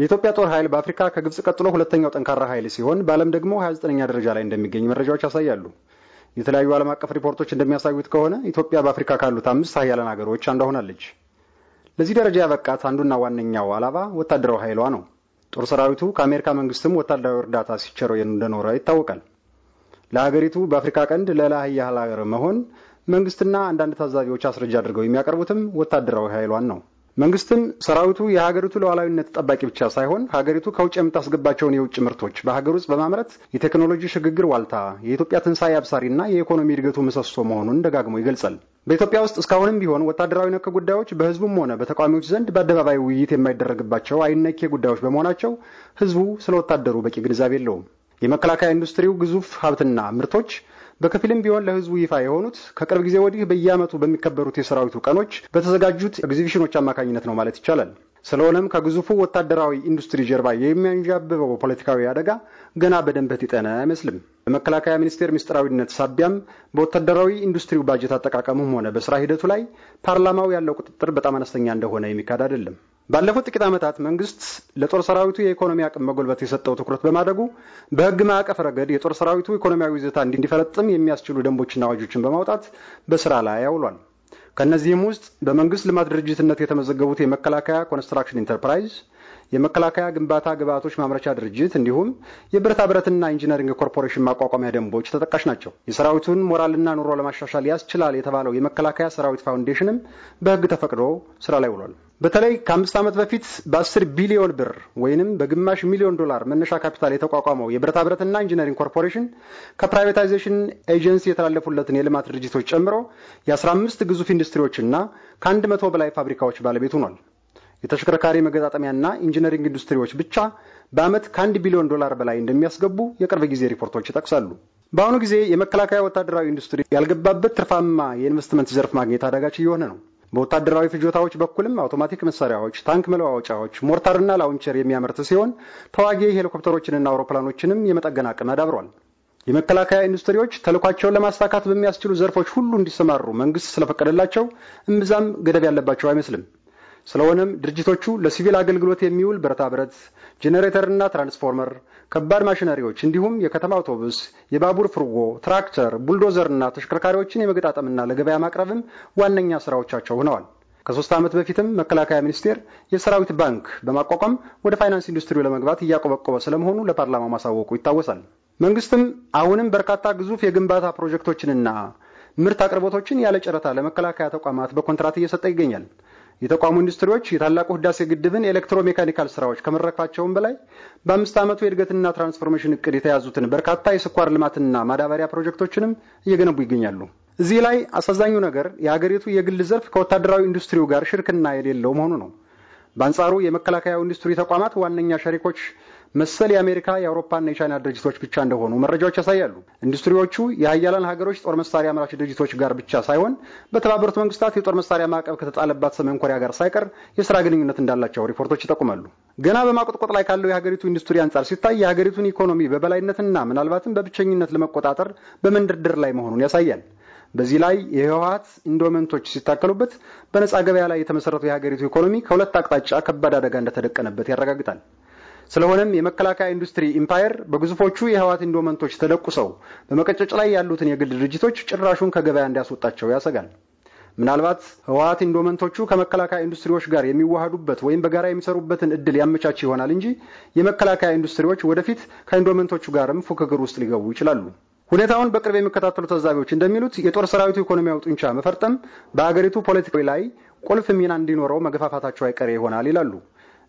የኢትዮጵያ ጦር ኃይል በአፍሪካ ከግብፅ ቀጥሎ ሁለተኛው ጠንካራ ኃይል ሲሆን በዓለም ደግሞ 29ኛ ደረጃ ላይ እንደሚገኝ መረጃዎች ያሳያሉ። የተለያዩ ዓለም አቀፍ ሪፖርቶች እንደሚያሳዩት ከሆነ ኢትዮጵያ በአፍሪካ ካሉት አምስት ኃያላን ሀገሮች አንዷ ሆናለች። ለዚህ ደረጃ ያበቃት አንዱና ዋነኛው አላባ ወታደራዊ ኃይሏ ነው። ጦር ሰራዊቱ ከአሜሪካ መንግስትም ወታደራዊ እርዳታ ሲቸረው እንደኖረ ይታወቃል። ለሀገሪቱ በአፍሪካ ቀንድ ለላህያህል ሀገር መሆን መንግስትና አንዳንድ ታዛቢዎች አስረጃ አድርገው የሚያቀርቡትም ወታደራዊ ኃይሏን ነው። መንግስትን ሰራዊቱ የሀገሪቱ ሉዓላዊነት ጠባቂ ብቻ ሳይሆን ሀገሪቱ ከውጭ የምታስገባቸውን የውጭ ምርቶች በሀገር ውስጥ በማምረት የቴክኖሎጂ ሽግግር ዋልታ፣ የኢትዮጵያ ትንሣኤ አብሳሪና የኢኮኖሚ እድገቱ ምሰሶ መሆኑን ደጋግሞ ይገልጻል። በኢትዮጵያ ውስጥ እስካሁንም ቢሆን ወታደራዊ ነክ ጉዳዮች በህዝቡም ሆነ በተቃዋሚዎች ዘንድ በአደባባይ ውይይት የማይደረግባቸው አይነኬ ጉዳዮች በመሆናቸው ህዝቡ ስለ ወታደሩ በቂ ግንዛቤ የለውም። የመከላከያ ኢንዱስትሪው ግዙፍ ሀብትና ምርቶች በከፊልም ቢሆን ለህዝቡ ይፋ የሆኑት ከቅርብ ጊዜ ወዲህ በየዓመቱ በሚከበሩት የሰራዊቱ ቀኖች በተዘጋጁት ኤግዚቢሽኖች አማካኝነት ነው ማለት ይቻላል። ስለሆነም ከግዙፉ ወታደራዊ ኢንዱስትሪ ጀርባ የሚያንዣብበው ፖለቲካዊ አደጋ ገና በደንብ የጠነ አይመስልም። በመከላከያ ሚኒስቴር ምስጢራዊነት ሳቢያም በወታደራዊ ኢንዱስትሪው ባጀት አጠቃቀሙም ሆነ በስራ ሂደቱ ላይ ፓርላማው ያለው ቁጥጥር በጣም አነስተኛ እንደሆነ የሚካድ አይደለም። ባለፉት ጥቂት ዓመታት መንግስት ለጦር ሰራዊቱ የኢኮኖሚ አቅም መጎልበት የሰጠው ትኩረት በማደጉ በህግ ማዕቀፍ ረገድ የጦር ሰራዊቱ ኢኮኖሚያዊ ይዘታ እንዲፈረጥም የሚያስችሉ ደንቦችና አዋጆችን በማውጣት በስራ ላይ አውሏል። ከእነዚህም ውስጥ በመንግስት ልማት ድርጅትነት የተመዘገቡት የመከላከያ ኮንስትራክሽን ኢንተርፕራይዝ፣ የመከላከያ ግንባታ ግብዓቶች ማምረቻ ድርጅት እንዲሁም የብረታ ብረትና ኢንጂነሪንግ ኮርፖሬሽን ማቋቋሚያ ደንቦች ተጠቃሽ ናቸው። የሰራዊቱን ሞራልና ኑሮ ለማሻሻል ያስችላል የተባለው የመከላከያ ሰራዊት ፋውንዴሽንም በህግ ተፈቅዶ ስራ ላይ ውሏል። በተለይ ከአምስት ዓመት በፊት በ10 ቢሊዮን ብር ወይንም በግማሽ ሚሊዮን ዶላር መነሻ ካፒታል የተቋቋመው የብረታ ብረትና ኢንጂነሪንግ ኮርፖሬሽን ከፕራይቬታይዜሽን ኤጀንሲ የተላለፉለትን የልማት ድርጅቶች ጨምሮ የ15 ግዙፍ ኢንዱስትሪዎችና ከ100 በላይ ፋብሪካዎች ባለቤት ሆኗል። የተሽከርካሪ መገጣጠሚያና ኢንጂነሪንግ ኢንዱስትሪዎች ብቻ በዓመት ከአንድ ቢሊዮን ዶላር በላይ እንደሚያስገቡ የቅርብ ጊዜ ሪፖርቶች ይጠቅሳሉ። በአሁኑ ጊዜ የመከላከያ ወታደራዊ ኢንዱስትሪ ያልገባበት ትርፋማ የኢንቨስትመንት ዘርፍ ማግኘት አዳጋች እየሆነ ነው። በወታደራዊ ፍጆታዎች በኩልም አውቶማቲክ መሳሪያዎች፣ ታንክ መለዋወጫዎች፣ ሞርታርና ላውንቸር የሚያመርት ሲሆን ተዋጊ ሄሊኮፕተሮችንና አውሮፕላኖችንም የመጠገን አቅም አዳብሯል። የመከላከያ ኢንዱስትሪዎች ተልኳቸውን ለማሳካት በሚያስችሉ ዘርፎች ሁሉ እንዲሰማሩ መንግስት ስለፈቀደላቸው እምብዛም ገደብ ያለባቸው አይመስልም። ስለሆነም ድርጅቶቹ ለሲቪል አገልግሎት የሚውል ብረታ ብረት፣ ጄኔሬተርና ትራንስፎርመር፣ ከባድ ማሽነሪዎች እንዲሁም የከተማ አውቶቡስ፣ የባቡር ፍርጎ፣ ትራክተር፣ ቡልዶዘርና ተሽከርካሪዎችን የመገጣጠምና ለገበያ ማቅረብም ዋነኛ ስራዎቻቸው ሆነዋል። ከሶስት ዓመት በፊትም መከላከያ ሚኒስቴር የሰራዊት ባንክ በማቋቋም ወደ ፋይናንስ ኢንዱስትሪው ለመግባት እያቆበቆበ ስለመሆኑ ለፓርላማው ማሳወቁ ይታወሳል። መንግስትም አሁንም በርካታ ግዙፍ የግንባታ ፕሮጀክቶችንና ምርት አቅርቦቶችን ያለ ጨረታ ለመከላከያ ተቋማት በኮንትራት እየሰጠ ይገኛል። የተቋሙ ኢንዱስትሪዎች የታላቁ ህዳሴ ግድብን የኤሌክትሮሜካኒካል ስራዎች ከመድረካቸውም በላይ በአምስት ዓመቱ የእድገትና ትራንስፎርሜሽን እቅድ የተያዙትን በርካታ የስኳር ልማትና ማዳበሪያ ፕሮጀክቶችንም እየገነቡ ይገኛሉ። እዚህ ላይ አሳዛኙ ነገር የሀገሪቱ የግል ዘርፍ ከወታደራዊ ኢንዱስትሪው ጋር ሽርክና የሌለው መሆኑ ነው። በአንጻሩ የመከላከያው ኢንዱስትሪ ተቋማት ዋነኛ ሸሪኮች መሰል የአሜሪካ የአውሮፓና የቻይና ድርጅቶች ብቻ እንደሆኑ መረጃዎች ያሳያሉ። ኢንዱስትሪዎቹ የሀያላን ሀገሮች ጦር መሳሪያ አምራች ድርጅቶች ጋር ብቻ ሳይሆን በተባበሩት መንግስታት የጦር መሳሪያ ማዕቀብ ከተጣለባት ሰሜን ኮሪያ ጋር ሳይቀር የስራ ግንኙነት እንዳላቸው ሪፖርቶች ይጠቁማሉ። ገና በማቆጥቆጥ ላይ ካለው የሀገሪቱ ኢንዱስትሪ አንጻር ሲታይ የሀገሪቱን ኢኮኖሚ በበላይነትና ምናልባትም በብቸኝነት ለመቆጣጠር በመንደርደር ላይ መሆኑን ያሳያል። በዚህ ላይ የህወሀት ኢንዶመንቶች ሲታከሉበት በነፃ ገበያ ላይ የተመሰረተው የሀገሪቱ ኢኮኖሚ ከሁለት አቅጣጫ ከባድ አደጋ እንደተደቀነበት ያረጋግጣል። ስለሆነም የመከላከያ ኢንዱስትሪ ኢምፓየር በግዙፎቹ የህዋት ኢንዶመንቶች ተደቁሰው በመቀጨጭ ላይ ያሉትን የግል ድርጅቶች ጭራሹን ከገበያ እንዲያስወጣቸው ያሰጋል። ምናልባት ህወሓት ኢንዶመንቶቹ ከመከላከያ ኢንዱስትሪዎች ጋር የሚዋሃዱበት ወይም በጋራ የሚሰሩበትን እድል ያመቻች ይሆናል እንጂ የመከላከያ ኢንዱስትሪዎች ወደፊት ከኢንዶመንቶቹ ጋርም ፉክክር ውስጥ ሊገቡ ይችላሉ። ሁኔታውን በቅርብ የሚከታተሉ ታዛቢዎች እንደሚሉት የጦር ሰራዊቱ ኢኮኖሚያዊ ጡንቻ መፈርጠም በአገሪቱ ፖለቲካዊ ላይ ቁልፍ ሚና እንዲኖረው መገፋፋታቸው አይቀሬ ይሆናል ይላሉ።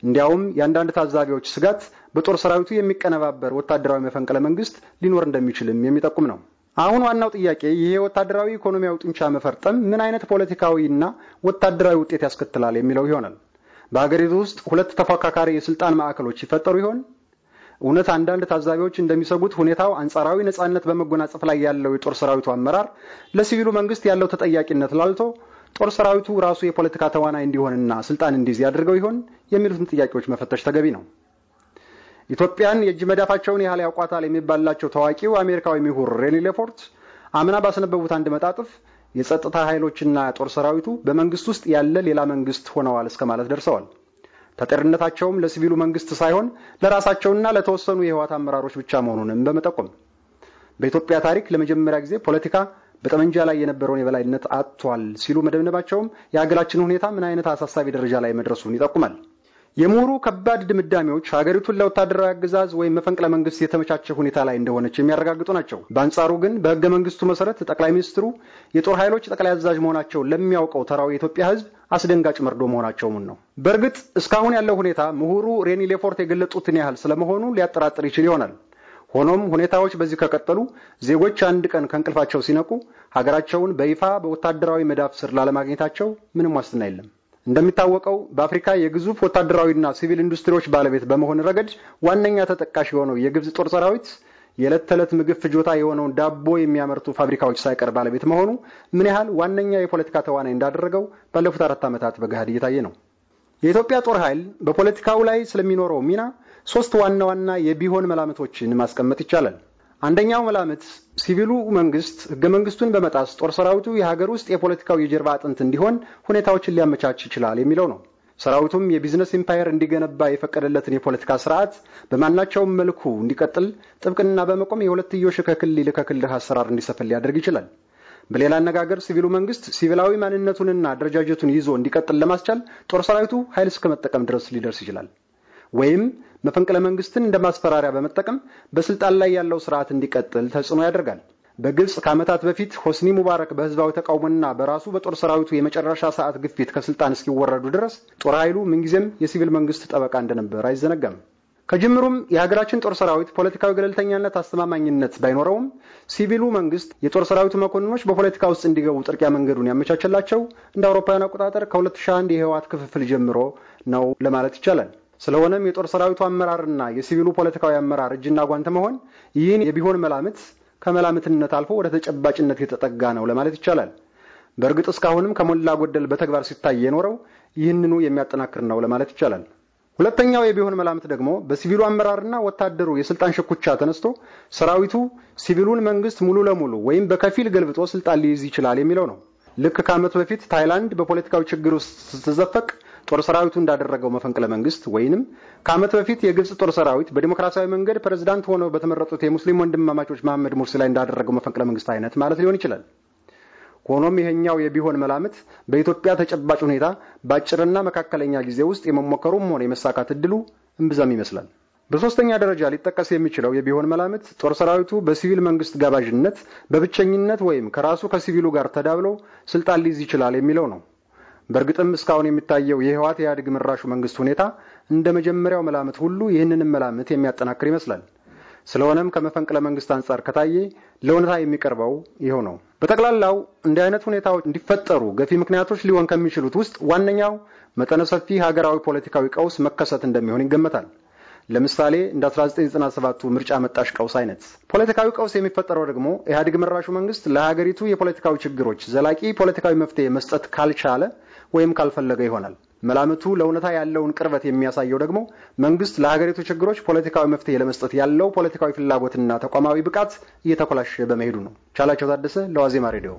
እንዲያውም የአንዳንድ ታዛቢዎች ስጋት በጦር ሰራዊቱ የሚቀነባበር ወታደራዊ መፈንቅለ መንግስት ሊኖር እንደሚችልም የሚጠቁም ነው። አሁን ዋናው ጥያቄ ይሄ ወታደራዊ ኢኮኖሚያዊ ጡንቻ መፈርጠም ምን አይነት ፖለቲካዊና ወታደራዊ ውጤት ያስከትላል የሚለው ይሆናል። በአገሪቱ ውስጥ ሁለት ተፎካካሪ የስልጣን ማዕከሎች ይፈጠሩ ይሆን? እውነት አንዳንድ ታዛቢዎች እንደሚሰጉት ሁኔታው አንጻራዊ ነጻነት በመጎናጸፍ ላይ ያለው የጦር ሰራዊቱ አመራር ለሲቪሉ መንግስት ያለው ተጠያቂነት ላልቶ ጦር ሰራዊቱ ራሱ የፖለቲካ ተዋናይ እንዲሆንና ስልጣን እንዲይዝ ያድርገው ይሆን የሚሉትን ጥያቄዎች መፈተሽ ተገቢ ነው። ኢትዮጵያን የእጅ መዳፋቸውን ያህል ያውቋታል የሚባልላቸው ታዋቂው አሜሪካዊ ምሁር ሬኒ ሌፎርት አምና ባስነበቡት አንድ መጣጥፍ የጸጥታ ኃይሎችና ጦር ሰራዊቱ በመንግስት ውስጥ ያለ ሌላ መንግስት ሆነዋል እስከ ማለት ደርሰዋል። ተጠሪነታቸውም ለሲቪሉ መንግስት ሳይሆን ለራሳቸውና ለተወሰኑ የህወሓት አመራሮች ብቻ መሆኑንም በመጠቆም በኢትዮጵያ ታሪክ ለመጀመሪያ ጊዜ ፖለቲካ በጠመንጃ ላይ የነበረውን የበላይነት አጥቷል ሲሉ መደብነባቸውም የሀገራችን ሁኔታ ምን አይነት አሳሳቢ ደረጃ ላይ መድረሱን ይጠቁማል። የምሁሩ ከባድ ድምዳሜዎች ሀገሪቱን ለወታደራዊ አገዛዝ ወይም መፈንቅለ መንግስት የተመቻቸ ሁኔታ ላይ እንደሆነች የሚያረጋግጡ ናቸው። በአንጻሩ ግን በህገ መንግስቱ መሰረት ጠቅላይ ሚኒስትሩ የጦር ኃይሎች ጠቅላይ አዛዥ መሆናቸው ለሚያውቀው ተራው የኢትዮጵያ ህዝብ አስደንጋጭ መርዶ መሆናቸውን ነው። በእርግጥ እስካሁን ያለው ሁኔታ ምሁሩ ሬኒ ሌፎርት የገለጹትን ያህል ስለመሆኑ ሊያጠራጥር ይችል ይሆናል። ሆኖም ሁኔታዎች በዚህ ከቀጠሉ ዜጎች አንድ ቀን ከእንቅልፋቸው ሲነቁ ሀገራቸውን በይፋ በወታደራዊ መዳፍ ስር ላለማግኘታቸው ምንም ዋስትና የለም። እንደሚታወቀው በአፍሪካ የግዙፍ ወታደራዊና ሲቪል ኢንዱስትሪዎች ባለቤት በመሆን ረገድ ዋነኛ ተጠቃሽ የሆነው የግብፅ ጦር ሰራዊት የዕለት ተዕለት ምግብ ፍጆታ የሆነውን ዳቦ የሚያመርቱ ፋብሪካዎች ሳይቀር ባለቤት መሆኑ ምን ያህል ዋነኛ የፖለቲካ ተዋናይ እንዳደረገው ባለፉት አራት ዓመታት በገሃድ እየታየ ነው። የኢትዮጵያ ጦር ኃይል በፖለቲካው ላይ ስለሚኖረው ሚና ሶስት ዋና ዋና የቢሆን መላምቶችን ማስቀመጥ ይቻላል። አንደኛው መላምት ሲቪሉ መንግስት ህገ መንግስቱን በመጣስ ጦር ሰራዊቱ የሀገር ውስጥ የፖለቲካው የጀርባ አጥንት እንዲሆን ሁኔታዎችን ሊያመቻች ይችላል የሚለው ነው። ሰራዊቱም የቢዝነስ ኢምፓየር እንዲገነባ የፈቀደለትን የፖለቲካ ስርዓት በማናቸውም መልኩ እንዲቀጥል ጥብቅና በመቆም የሁለትዮሽ ከክልል ከክልል አሰራር እንዲሰፍን ሊያደርግ ይችላል። በሌላ አነጋገር ሲቪሉ መንግስት ሲቪላዊ ማንነቱንና አደረጃጀቱን ይዞ እንዲቀጥል ለማስቻል ጦር ሰራዊቱ ኃይል እስከመጠቀም ድረስ ሊደርስ ይችላል። ወይም መፈንቅለ መንግስትን እንደ ማስፈራሪያ በመጠቀም በስልጣን ላይ ያለው ስርዓት እንዲቀጥል ተጽዕኖ ያደርጋል። በግብፅ ከዓመታት በፊት ሆስኒ ሙባረክ በህዝባዊ ተቃውሞና በራሱ በጦር ሰራዊቱ የመጨረሻ ሰዓት ግፊት ከስልጣን እስኪወረዱ ድረስ ጦር ኃይሉ ምንጊዜም የሲቪል መንግስት ጠበቃ እንደነበር አይዘነጋም። ከጅምሩም የሀገራችን ጦር ሰራዊት ፖለቲካዊ ገለልተኛነት አስተማማኝነት ባይኖረውም ሲቪሉ መንግስት የጦር ሰራዊቱ መኮንኖች በፖለቲካ ውስጥ እንዲገቡ ጥርቂያ መንገዱን ያመቻቸላቸው እንደ አውሮፓውያን አቆጣጠር ከ2001 የህወሓት ክፍፍል ጀምሮ ነው ለማለት ይቻላል። ስለሆነም የጦር ሰራዊቱ አመራርና የሲቪሉ ፖለቲካዊ አመራር እጅና ጓንት መሆን ይህን የቢሆን መላምት ከመላምትነት አልፎ ወደ ተጨባጭነት የተጠጋ ነው ለማለት ይቻላል። በእርግጥ እስካሁንም ከሞላ ጎደል በተግባር ሲታይ የኖረው ይህንኑ የሚያጠናክር ነው ለማለት ይቻላል። ሁለተኛው የቢሆን መላምት ደግሞ በሲቪሉ አመራርና ወታደሩ የስልጣን ሽኩቻ ተነስቶ ሰራዊቱ ሲቪሉን መንግስት ሙሉ ለሙሉ ወይም በከፊል ገልብጦ ስልጣን ሊይዝ ይችላል የሚለው ነው። ልክ ከዓመት በፊት ታይላንድ በፖለቲካዊ ችግር ውስጥ ስትዘፈቅ ጦር ሰራዊቱ እንዳደረገው መፈንቅለ መንግስት ወይንም ከዓመት በፊት የግብፅ ጦር ሰራዊት በዲሞክራሲያዊ መንገድ ፕሬዝዳንት ሆነው በተመረጡት የሙስሊም ወንድማማቾች መሐመድ ሙርሲ ላይ እንዳደረገው መፈንቅለ መንግስት አይነት ማለት ሊሆን ይችላል። ሆኖም ይሄኛው የቢሆን መላምት በኢትዮጵያ ተጨባጭ ሁኔታ በአጭርና መካከለኛ ጊዜ ውስጥ የመሞከሩም ሆነ የመሳካት እድሉ እምብዛም ይመስላል። በሶስተኛ ደረጃ ሊጠቀስ የሚችለው የቢሆን መላምት ጦር ሰራዊቱ በሲቪል መንግስት ጋባዥነት በብቸኝነት ወይም ከራሱ ከሲቪሉ ጋር ተዳብሎ ስልጣን ሊይዝ ይችላል የሚለው ነው። በእርግጥም እስካሁን የሚታየው የህወሓት ኢህአዴግ መራሹ መንግስት ሁኔታ እንደ መጀመሪያው መላምት ሁሉ ይህንንም መላምት የሚያጠናክር ይመስላል። ስለሆነም ከመፈንቅለ መንግስት አንጻር ከታየ ለእውነታ የሚቀርበው ይኸው ነው። በጠቅላላው እንዲህ አይነት ሁኔታዎች እንዲፈጠሩ ገፊ ምክንያቶች ሊሆን ከሚችሉት ውስጥ ዋነኛው መጠነ ሰፊ ሀገራዊ ፖለቲካዊ ቀውስ መከሰት እንደሚሆን ይገመታል። ለምሳሌ እንደ 1997ቱ ምርጫ መጣሽ ቀውስ አይነት። ፖለቲካዊ ቀውስ የሚፈጠረው ደግሞ ኢህአዴግ መራሹ መንግስት ለሀገሪቱ የፖለቲካዊ ችግሮች ዘላቂ ፖለቲካዊ መፍትሄ መስጠት ካልቻለ ወይም ካልፈለገ ይሆናል። መላምቱ ለእውነታ ያለውን ቅርበት የሚያሳየው ደግሞ መንግስት ለሀገሪቱ ችግሮች ፖለቲካዊ መፍትሄ ለመስጠት ያለው ፖለቲካዊ ፍላጎትና ተቋማዊ ብቃት እየተኮላሸ በመሄዱ ነው። ቻላቸው ታደሰ ለዋዜማ ሬዲዮ